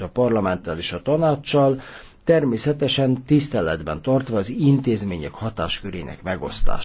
a parlamenttel és a tanácssal, természetesen tiszteletben tartva az intézmények hatáskörének megosztását.